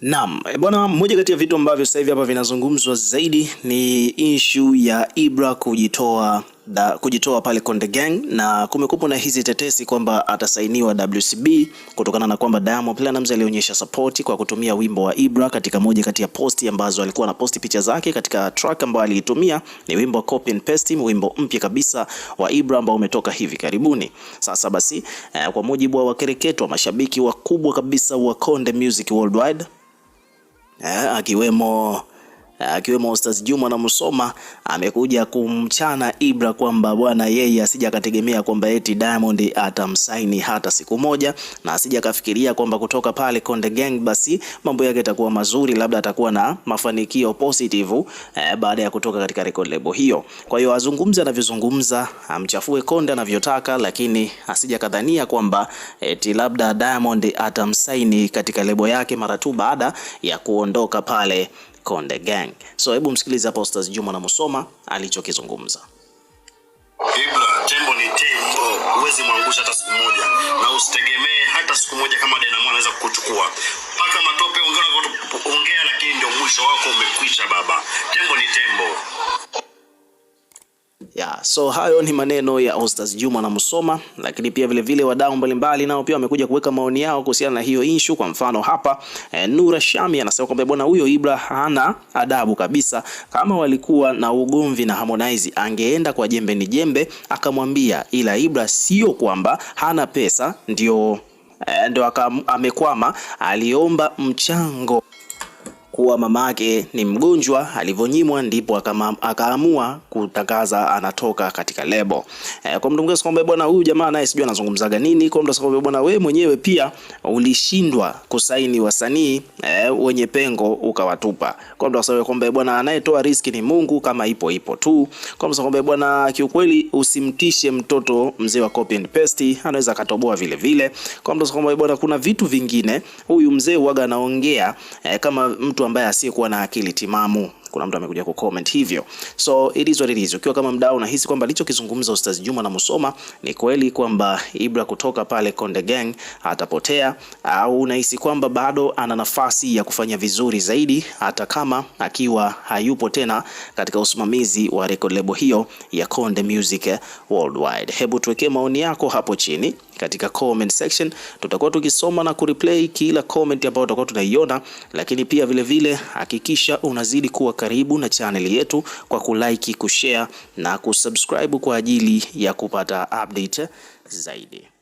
Naam, e, bwana, moja kati ya vitu ambavyo sasa hivi hapa vinazungumzwa zaidi ni issue ya Ibra kujitoa da, kujitoa pale Konde Gang na kumekupo na hizi tetesi kwamba atasainiwa WCB kutokana na kwamba Diamond Platnumz alionyesha support kwa kutumia wimbo wa Ibra katika moja kati ya posti ambazo alikuwa anaposti picha zake katika track ambayo aliitumia ni wimbo copy and paste, wimbo mpya kabisa wa Ibra ambao umetoka hivi karibuni. Sasa basi eh, kwa mujibu wa wakereketwa mashabiki wakubwa kabisa wa Konde Music Worldwide eh, akiwemo Eh, akiwemo Ustaz Juma na Musoma amekuja kumchana Ibra kwamba bwana, yeye asija akategemea kwamba eti Diamond atamsaini hata siku moja, na asija akafikiria kwamba kutoka pale Konde Gang basi mambo yake yatakuwa mazuri, labda atakuwa na mafanikio positive eh, baada ya kutoka katika record label hiyo. Kwa hiyo azungumze anavyozungumza, amchafue Konde anavyotaka, lakini asija kadhania kwamba eti labda Diamond atamsaini katika lebo yake mara tu baada ya kuondoka pale Konde Gang. So hebu msikilize hapa Ustaz Juma na Musoma alichokizungumza. Ibra, tembo ni tembo, huwezi mwangusha hata siku moja, na usitegemee hata siku moja kama Dynamo anaweza kukuchukua paka matope. Ongea, ongea, lakini ndio mwisho wako umekwisha. Baba, tembo ni tembo. Yeah, so hayo ni maneno ya Ostaz Juma na Musoma, lakini pia vile vile wadau mbalimbali nao pia wamekuja kuweka maoni yao kuhusiana na hiyo inshu. Kwa mfano hapa eh, Nura Shami anasema kwamba bwana huyo Ibra hana adabu kabisa. Kama walikuwa na ugomvi na Harmonize, angeenda kwa jembe ni jembe akamwambia, ila Ibra sio kwamba hana pesa ndio, eh, ndio amekuama, aliomba mchango kuwa mama yake ni mgonjwa, alivyonyimwa ndipo akaamua kutangaza anatoka katika lebo. E, kwa mtu mwingine sikwambia bwana huyu jamaa naye sijui anazungumzaga nini. Kwa mtu sikwambia bwana, wewe mwenyewe pia ulishindwa kusaini wasanii e, wenye pengo ukawatupa. Kwa mtu kwamba bwana, anayetoa riski ni Mungu, kama ipo ipo tu. Kwa mtu sikwambia bwana, kiukweli usimtishe mtoto mzee wa copy and paste, anaweza akatoboa vile vile. Kwa mtu sikwambia bwana, kuna vitu vingine huyu mzee huaga anaongea e, kama mtu ambaye asiyekuwa na akili timamu. Kuna mtu amekuja kucomment hivyo, so it is what it is. Ukiwa kama mdau, unahisi kwamba alichokizungumza Ustaz Juma na Musoma ni kweli kwamba Ibra kutoka pale Konde Gang atapotea, au unahisi kwamba bado ana nafasi ya kufanya vizuri zaidi hata kama akiwa hayupo tena katika usimamizi wa record label hiyo ya Konde Music Worldwide? Hebu tuwekee maoni yako hapo chini katika comment section. Tutakuwa tukisoma na kureplay kila comment ambayo tutakuwa tunaiona, lakini pia vile vile hakikisha unazidi kuwa karibu na channel yetu kwa kulike, kushare na kusubscribe kwa ajili ya kupata update zaidi.